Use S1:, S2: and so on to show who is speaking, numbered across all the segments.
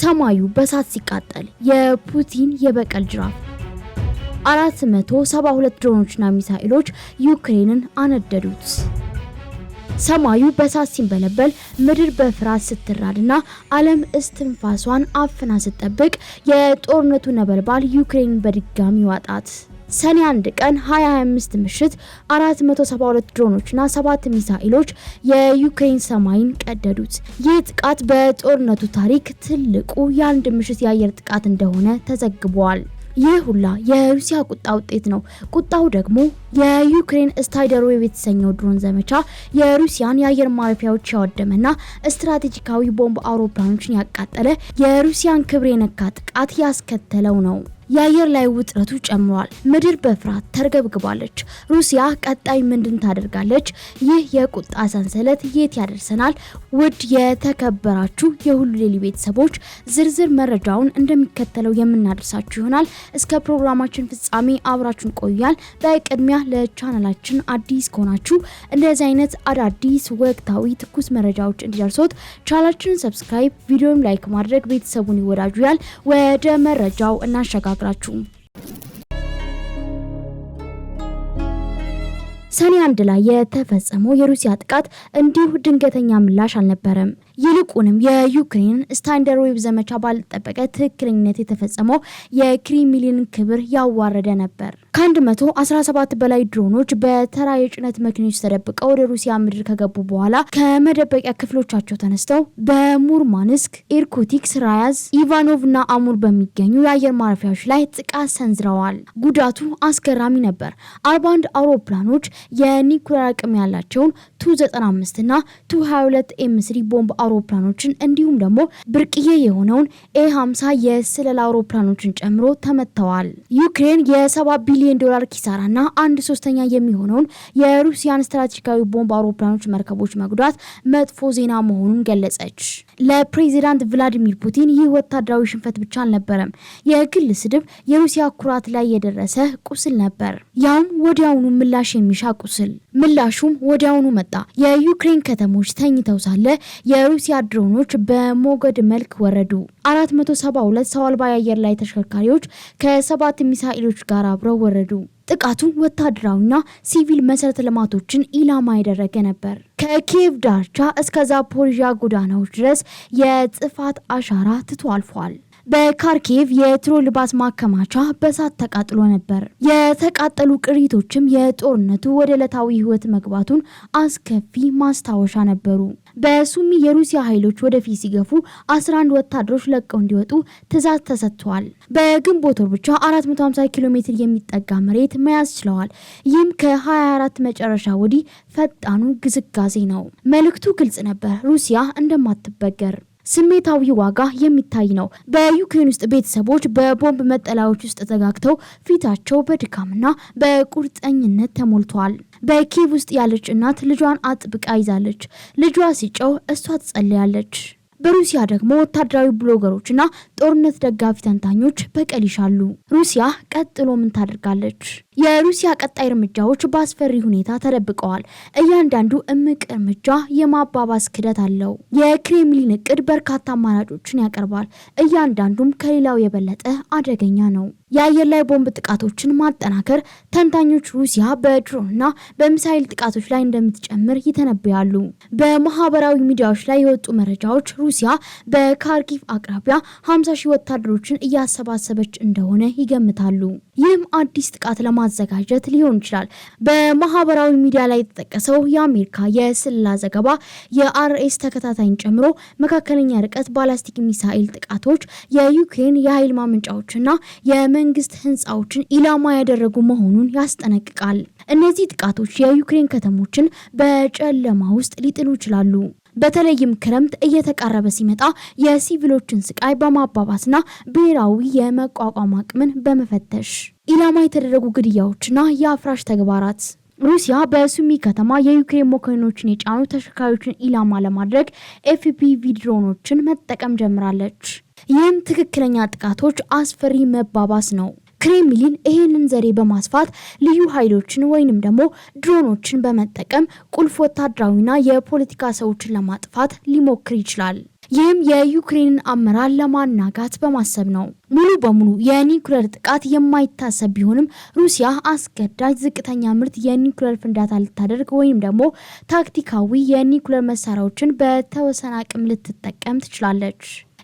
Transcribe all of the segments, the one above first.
S1: ሰማዩ በሳት ሲቃጠል የፑቲን የበቀል ጅራፍ 472 ድሮኖችና ሚሳኤሎች ዩክሬንን አነደዱት። ሰማዩ በሳት ሲንበለበል ምድር በፍርሃት ስትራድና ዓለም እስትንፋሷን አፍና ስትጠብቅ የጦርነቱ ነበልባል ዩክሬንን በድጋሚ ዋጣት። ሰኔ 1 ቀን 2025 ምሽት 472 ድሮኖችና 7 ሚሳኤሎች የዩክሬን ሰማይን ቀደዱት። ይህ ጥቃት በጦርነቱ ታሪክ ትልቁ የአንድ ምሽት የአየር ጥቃት እንደሆነ ተዘግቧል። ይህ ሁላ የሩሲያ ቁጣ ውጤት ነው። ቁጣው ደግሞ የዩክሬን ስታይደርዌቭ የተሰኘው ድሮን ዘመቻ የሩሲያን የአየር ማረፊያዎች ያወደመና ስትራቴጂካዊ ቦምብ አውሮፕላኖችን ያቃጠለ የሩሲያን ክብር የነካ ጥቃት ያስከተለው ነው። የአየር ላይ ውጥረቱ ጨምሯል። ምድር በፍርሃት ተርገብግባለች። ሩሲያ ቀጣይ ምንድን ታደርጋለች? ይህ የቁጣ ሰንሰለት የት ያደርሰናል? ውድ የተከበራችሁ የሁሉ ዴይሊ ቤተሰቦች ዝርዝር መረጃውን እንደሚከተለው የምናደርሳችሁ ይሆናል። እስከ ፕሮግራማችን ፍጻሜ አብራችን ቆያል። በቅድሚያ ለቻናላችን አዲስ ከሆናችሁ እንደዚህ አይነት አዳዲስ ወቅታዊ ትኩስ መረጃዎች እንዲደርሶት ቻናላችንን ሰብስክራይብ፣ ቪዲዮም ላይክ ማድረግ ቤተሰቡን ይወዳጁ። ያል ወደ መረጃው እናሸጋግ አልነግራችሁም። ሰኔ አንድ ላይ የተፈጸመው የሩሲያ ጥቃት እንዲሁ ድንገተኛ ምላሽ አልነበረም። ይልቁንም የዩክሬን ስታንደር ዌብ ዘመቻ ባልጠበቀ ትክክለኝነት የተፈጸመው የክሪምሊን ክብር ያዋረደ ነበር። ከ117 በላይ ድሮኖች በተራ የጭነት መኪኖች ተደብቀው ወደ ሩሲያ ምድር ከገቡ በኋላ ከመደበቂያ ክፍሎቻቸው ተነስተው በሙርማንስክ፣ ኢርኩቲክስ፣ ራያዝ፣ ኢቫኖቭ እና አሙር በሚገኙ የአየር ማረፊያዎች ላይ ጥቃት ሰንዝረዋል። ጉዳቱ አስገራሚ ነበር። 41 አውሮፕላኖች የኒኩሌር አቅም ያላቸውን ቱ 95 እና ቱ 22 ኤምስሪ ቦምብ ቦምብ አውሮፕላኖችን እንዲሁም ደግሞ ብርቅዬ የሆነውን ኤ 50 የስለላ አውሮፕላኖችን ጨምሮ ተመተዋል። ዩክሬን የ7 ቢሊዮን ዶላር ኪሳራና አንድ ሶስተኛ የሚሆነውን የሩሲያን ስትራቴጂካዊ ቦምብ አውሮፕላኖች፣ መርከቦች መጉዳት መጥፎ ዜና መሆኑን ገለጸች። ለፕሬዚዳንት ቭላዲሚር ፑቲን ይህ ወታደራዊ ሽንፈት ብቻ አልነበረም። የግል ስድብ የሩሲያ ኩራት ላይ የደረሰ ቁስል ነበር። ያውም ወዲያውኑ ምላሽ የሚሻ ቁስል። ምላሹም ወዲያውኑ መጣ። የዩክሬን ከተሞች ተኝተው ሳለ የሩሲያ ድሮኖች በሞገድ መልክ ወረዱ። 472 ሰው አልባ የአየር ላይ ተሽከርካሪዎች ከሰባት ሚሳኤሎች ጋር አብረው ወረዱ። ጥቃቱ ወታደራዊና ሲቪል መሰረተ ልማቶችን ኢላማ ያደረገ ነበር። ከኪየቭ ዳርቻ እስከ ዛፖሪዣ ጎዳናዎች ድረስ የጥፋት አሻራ ትቶ አልፏል። በካርኬቭ የትሮ ልባስ ማከማቻ በሳት ተቃጥሎ ነበር። የተቃጠሉ ቅሪቶችም የጦርነቱ ወደ ዕለታዊ ህይወት መግባቱን አስከፊ ማስታወሻ ነበሩ። በሱሚ የሩሲያ ኃይሎች ወደፊት ሲገፉ 11 ወታደሮች ለቀው እንዲወጡ ትዛዝ ተሰጥተዋል። በግንቦት ወር ብቻ 450 ኪሎ ሜትር የሚጠጋ መሬት መያዝ ችለዋል። ይህም ከ24 መጨረሻ ወዲህ ፈጣኑ ግዝጋዜ ነው። መልእክቱ ግልጽ ነበር፣ ሩሲያ እንደማትበገር ስሜታዊ ዋጋ የሚታይ ነው። በዩክሬን ውስጥ ቤተሰቦች በቦምብ መጠለያዎች ውስጥ ተጋግተው ፊታቸው በድካምና በቁርጠኝነት ተሞልተዋል። በኪቭ ውስጥ ያለች እናት ልጇን አጥብቃ ይዛለች። ልጇ ሲጨው እሷ ትጸልያለች። በሩሲያ ደግሞ ወታደራዊ ብሎገሮችና ጦርነት ደጋፊ ተንታኞች በቀል ይሻሉ። ሩሲያ ቀጥሎ ምን ታደርጋለች? የሩሲያ ቀጣይ እርምጃዎች በአስፈሪ ሁኔታ ተደብቀዋል። እያንዳንዱ እምቅ እርምጃ የማባባስ ክደት አለው። የክሬምሊን እቅድ በርካታ አማራጮችን ያቀርባል፣ እያንዳንዱም ከሌላው የበለጠ አደገኛ ነው። የአየር ላይ ቦምብ ጥቃቶችን ማጠናከር፣ ተንታኞች ሩሲያ በድሮንና በሚሳይል ጥቃቶች ላይ እንደምትጨምር ይተነብያሉ። በማህበራዊ ሚዲያዎች ላይ የወጡ መረጃዎች ሩሲያ በካርኪቭ አቅራቢያ 50 ሺህ ወታደሮችን እያሰባሰበች እንደሆነ ይገምታሉ። ይህም አዲስ ጥቃት ለማ ማዘጋጀት ሊሆን ይችላል። በማህበራዊ ሚዲያ ላይ የተጠቀሰው የአሜሪካ የስለላ ዘገባ የአርኤስ ተከታታይን ጨምሮ መካከለኛ ርቀት ባላስቲክ ሚሳኤል ጥቃቶች የዩክሬን የኃይል ማመንጫዎችና የመንግስት ህንፃዎችን ኢላማ ያደረጉ መሆኑን ያስጠነቅቃል። እነዚህ ጥቃቶች የዩክሬን ከተሞችን በጨለማ ውስጥ ሊጥሉ ይችላሉ። በተለይም ክረምት እየተቃረበ ሲመጣ የሲቪሎችን ስቃይ በማባባስና ብሔራዊ የመቋቋም አቅምን በመፈተሽ ኢላማ የተደረጉ ግድያዎችና የአፍራሽ ተግባራት ሩሲያ በሱሚ ከተማ የዩክሬን መኮንኖችን የጫኑ ተሽከርካሪዎችን ኢላማ ለማድረግ ኤፍፒቪ ድሮኖችን መጠቀም ጀምራለች። ይህም ትክክለኛ ጥቃቶች አስፈሪ መባባስ ነው። ክሬምሊን ይህንን ዘዴ በማስፋት ልዩ ኃይሎችን ወይንም ደግሞ ድሮኖችን በመጠቀም ቁልፍ ወታደራዊና የፖለቲካ ሰዎችን ለማጥፋት ሊሞክር ይችላል። ይህም የዩክሬንን አመራር ለማናጋት በማሰብ ነው። ሙሉ በሙሉ የኒውክሌር ጥቃት የማይታሰብ ቢሆንም ሩሲያ አስገዳጅ ዝቅተኛ ምርት የኒውክሌር ፍንዳታ ልታደርግ ወይም ደግሞ ታክቲካዊ የኒውክሌር መሳሪያዎችን በተወሰነ አቅም ልትጠቀም ትችላለች።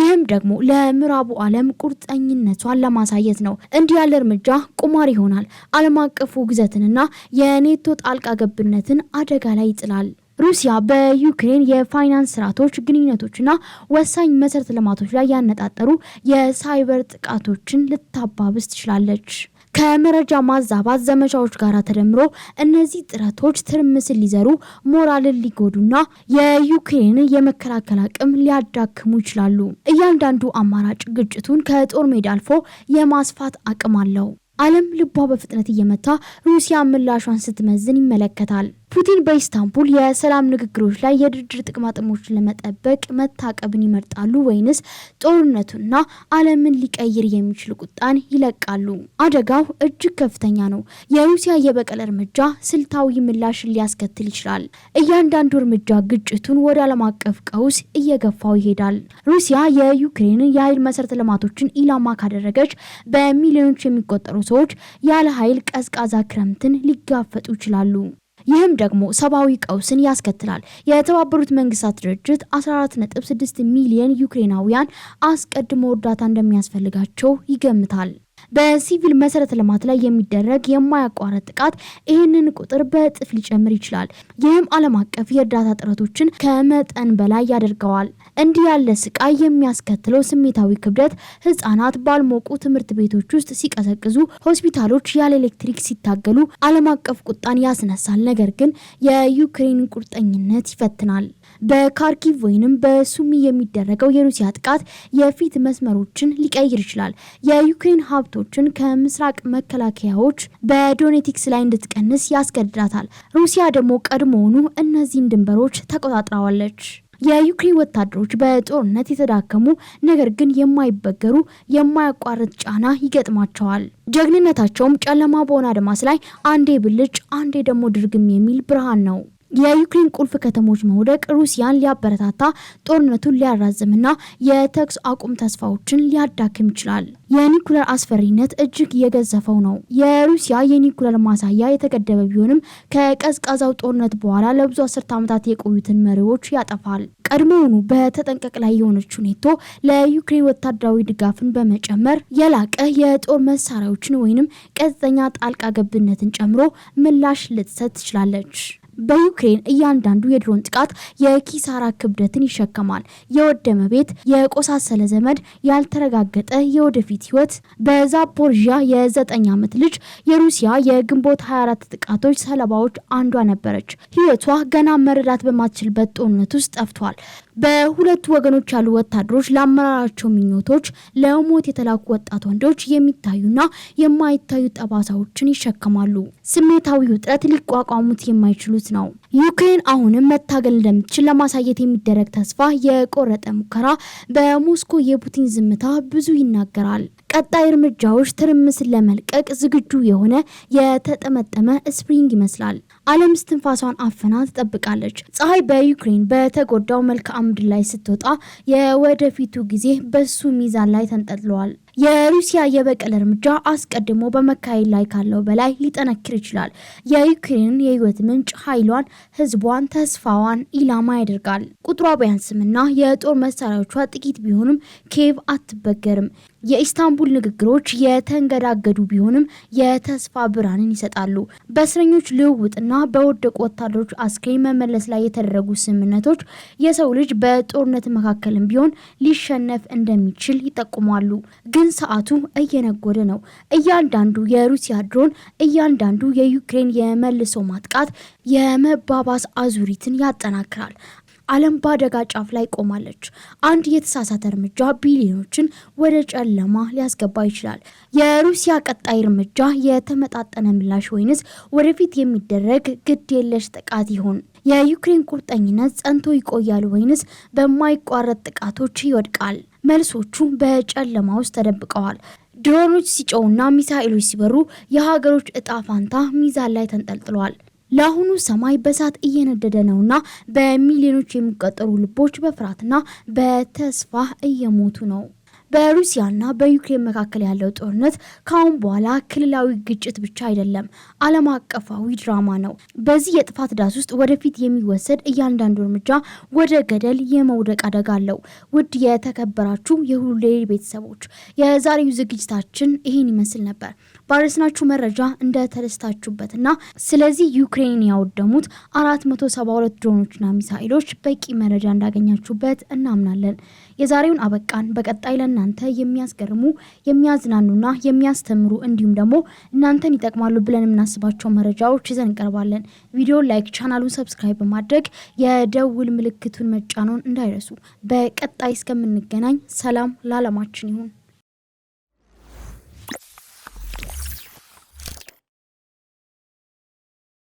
S1: ይህም ደግሞ ለምዕራቡ ዓለም ቁርጠኝነቷን ለማሳየት ነው። እንዲህ ያለ እርምጃ ቁማር ይሆናል፣ ዓለም አቀፉ ግዘትንና የኔቶ ጣልቃ ገብነትን አደጋ ላይ ይጥላል። ሩሲያ በዩክሬን የፋይናንስ ስርዓቶች፣ ግንኙነቶችና ወሳኝ መሰረተ ልማቶች ላይ ያነጣጠሩ የሳይበር ጥቃቶችን ልታባብስ ትችላለች። ከመረጃ ማዛባት ዘመቻዎች ጋር ተደምሮ እነዚህ ጥረቶች ትርምስን ሊዘሩ፣ ሞራልን ሊጎዱና የዩክሬንን የመከላከል አቅም ሊያዳክሙ ይችላሉ። እያንዳንዱ አማራጭ ግጭቱን ከጦር ሜዳ አልፎ የማስፋት አቅም አለው። ዓለም ልቧ በፍጥነት እየመታ ሩሲያ ምላሿን ስትመዝን ይመለከታል። ፑቲን በኢስታንቡል የሰላም ንግግሮች ላይ የድርድር ጥቅማጥሞችን ለመጠበቅ መታቀብን ይመርጣሉ ወይንስ ጦርነቱና ዓለምን ሊቀይር የሚችል ቁጣን ይለቃሉ? አደጋው እጅግ ከፍተኛ ነው። የሩሲያ የበቀል እርምጃ ስልታዊ ምላሽን ሊያስከትል ይችላል። እያንዳንዱ እርምጃ ግጭቱን ወደ ዓለም አቀፍ ቀውስ እየገፋው ይሄዳል። ሩሲያ የዩክሬንን የኃይል መሰረተ ልማቶችን ኢላማ ካደረገች በሚሊዮኖች የሚቆጠሩ ሰዎች ያለ ኃይል ቀዝቃዛ ክረምትን ሊጋፈጡ ይችላሉ። ይህም ደግሞ ሰብአዊ ቀውስን ያስከትላል። የተባበሩት መንግስታት ድርጅት 14.6 ሚሊዮን ዩክሬናውያን አስቀድሞ እርዳታ እንደሚያስፈልጋቸው ይገምታል። በሲቪል መሰረተ ልማት ላይ የሚደረግ የማያቋረጥ ጥቃት ይህንን ቁጥር በእጥፍ ሊጨምር ይችላል። ይህም ዓለም አቀፍ የእርዳታ ጥረቶችን ከመጠን በላይ ያደርገዋል። እንዲህ ያለ ስቃይ የሚያስከትለው ስሜታዊ ክብደት ህጻናት ባልሞቁ ትምህርት ቤቶች ውስጥ ሲቀዘቅዙ፣ ሆስፒታሎች ያለ ኤሌክትሪክ ሲታገሉ ዓለም አቀፍ ቁጣን ያስነሳል። ነገር ግን የዩክሬን ቁርጠኝነት ይፈትናል። በካርኪቭ ወይንም በሱሚ የሚደረገው የሩሲያ ጥቃት የፊት መስመሮችን ሊቀይር ይችላል። የዩክሬን ሀብቶችን ከምስራቅ መከላከያዎች በዶኔቲክስ ላይ እንድትቀንስ ያስገድዳታል። ሩሲያ ደግሞ ቀድሞውኑ እነዚህን ድንበሮች ተቆጣጥራዋለች። የዩክሬን ወታደሮች በጦርነት የተዳከሙ ነገር ግን የማይበገሩ የማያቋርጥ ጫና ይገጥማቸዋል። ጀግንነታቸውም ጨለማ በሆነ አድማስ ላይ አንዴ ብልጭ አንዴ ደግሞ ድርግም የሚል ብርሃን ነው። የዩክሬን ቁልፍ ከተሞች መውደቅ ሩሲያን ሊያበረታታ ጦርነቱን ሊያራዝምና የተኩስ አቁም ተስፋዎችን ሊያዳክም ይችላል። የኒኩለር አስፈሪነት እጅግ የገዘፈው ነው። የሩሲያ የኒኩለር ማሳያ የተገደበ ቢሆንም ከቀዝቃዛው ጦርነት በኋላ ለብዙ አስርት ዓመታት የቆዩትን መሪዎች ያጠፋል። ቀድሞውኑ በተጠንቀቅ ላይ የሆነችው ኔቶ ለዩክሬን ወታደራዊ ድጋፍን በመጨመር የላቀ የጦር መሳሪያዎችን ወይንም ቀጥተኛ ጣልቃ ገብነትን ጨምሮ ምላሽ ልትሰጥ ትችላለች። በዩክሬን እያንዳንዱ የድሮን ጥቃት የኪሳራ ክብደትን ይሸከማል። የወደመ ቤት፣ የቆሳሰለ ዘመድ፣ ያልተረጋገጠ የወደፊት ህይወት። በዛፖርዣ የዘጠኝ ዓመት ልጅ የሩሲያ የግንቦት 24 ጥቃቶች ሰለባዎች አንዷ ነበረች። ህይወቷ ገና መረዳት በማትችልበት ጦርነት ውስጥ ጠፍቷል። በሁለቱ ወገኖች ያሉ ወታደሮች ለአመራራቸው ምኞቶች ለሞት የተላኩ ወጣት ወንዶች የሚታዩና የማይታዩ ጠባሳዎችን ይሸከማሉ። ስሜታዊ ውጥረት ሊቋቋሙት የማይችሉት ነው። ዩክሬን አሁንም መታገል እንደምትችል ለማሳየት የሚደረግ ተስፋ የቆረጠ ሙከራ። በሞስኮ የፑቲን ዝምታ ብዙ ይናገራል። ቀጣይ እርምጃዎች ትርምስን ለመልቀቅ ዝግጁ የሆነ የተጠመጠመ ስፕሪንግ ይመስላል። ዓለም እስትንፋሷን አፍና ትጠብቃለች። ፀሐይ በዩክሬን በተጎዳው መልክዓ ምድር ላይ ስትወጣ የወደፊቱ ጊዜ በሱ ሚዛን ላይ ተንጠልጥሏል። የሩሲያ የበቀል እርምጃ አስቀድሞ በመካሄድ ላይ ካለው በላይ ሊጠነክር ይችላል። የዩክሬን የህይወት ምንጭ ኃይሏን፣ ህዝቧን፣ ተስፋዋን ኢላማ ያደርጋል። ቁጥሯ ቢያንስምና የጦር መሳሪያዎቿ ጥቂት ቢሆንም ኬቭ አትበገርም። የኢስታንቡል ንግግሮች የተንገዳገዱ ቢሆንም የተስፋ ብርሃንን ይሰጣሉ። በእስረኞች ልውውጥና እና በወደቁ ወታደሮች አስከሬን መመለስ ላይ የተደረጉ ስምምነቶች የሰው ልጅ በጦርነት መካከልም ቢሆን ሊሸነፍ እንደሚችል ይጠቁማሉ። ግን ሰዓቱ እየነጎደ ነው። እያንዳንዱ የሩሲያ ድሮን፣ እያንዳንዱ የዩክሬን የመልሶ ማጥቃት የመባባስ አዙሪትን ያጠናክራል። ዓለም በአደጋ ጫፍ ላይ ቆማለች። አንድ የተሳሳተ እርምጃ ቢሊዮኖችን ወደ ጨለማ ሊያስገባ ይችላል። የሩሲያ ቀጣይ እርምጃ የተመጣጠነ ምላሽ ወይንስ ወደፊት የሚደረግ ግድ የለሽ ጥቃት ይሆን? የዩክሬን ቁርጠኝነት ጸንቶ ይቆያል ወይንስ በማይቋረጥ ጥቃቶች ይወድቃል? መልሶቹ በጨለማ ውስጥ ተደብቀዋል። ድሮኖች ሲጨውና ሚሳኤሎች ሲበሩ የሀገሮች እጣ ፋንታ ሚዛን ላይ ተንጠልጥሏል። ለአሁኑ ሰማይ በሳት እየነደደ ነውና በሚሊዮኖች የሚቆጠሩ ልቦች በፍርሃትና በተስፋ እየሞቱ ነው። በሩሲያና በዩክሬን መካከል ያለው ጦርነት ከአሁን በኋላ ክልላዊ ግጭት ብቻ አይደለም፣ ዓለም አቀፋዊ ድራማ ነው። በዚህ የጥፋት ዳስ ውስጥ ወደፊት የሚወሰድ እያንዳንዱ እርምጃ ወደ ገደል የመውደቅ አደጋ አለው። ውድ የተከበራችሁ የሁሉ ዴይሊ ቤተሰቦች የዛሬው ዝግጅታችን ይህን ይመስል ነበር። ባረስናችሁ መረጃ እንደተደስታችሁበትና ስለዚህ ዩክሬን ያወደሙት 472 ድሮኖችና ሚሳኤሎች በቂ መረጃ እንዳገኛችሁበት እናምናለን። የዛሬውን አበቃን። በቀጣይ ለና ለእናንተ የሚያስገርሙ የሚያዝናኑና የሚያስተምሩ እንዲሁም ደግሞ እናንተን ይጠቅማሉ ብለን የምናስባቸው መረጃዎች ይዘን እንቀርባለን። ቪዲዮ ላይክ፣ ቻናሉን ሰብስክራይብ በማድረግ የደውል ምልክቱን መጫኖን እንዳይረሱ። በቀጣይ እስከምንገናኝ ሰላም ለዓለማችን ይሁን።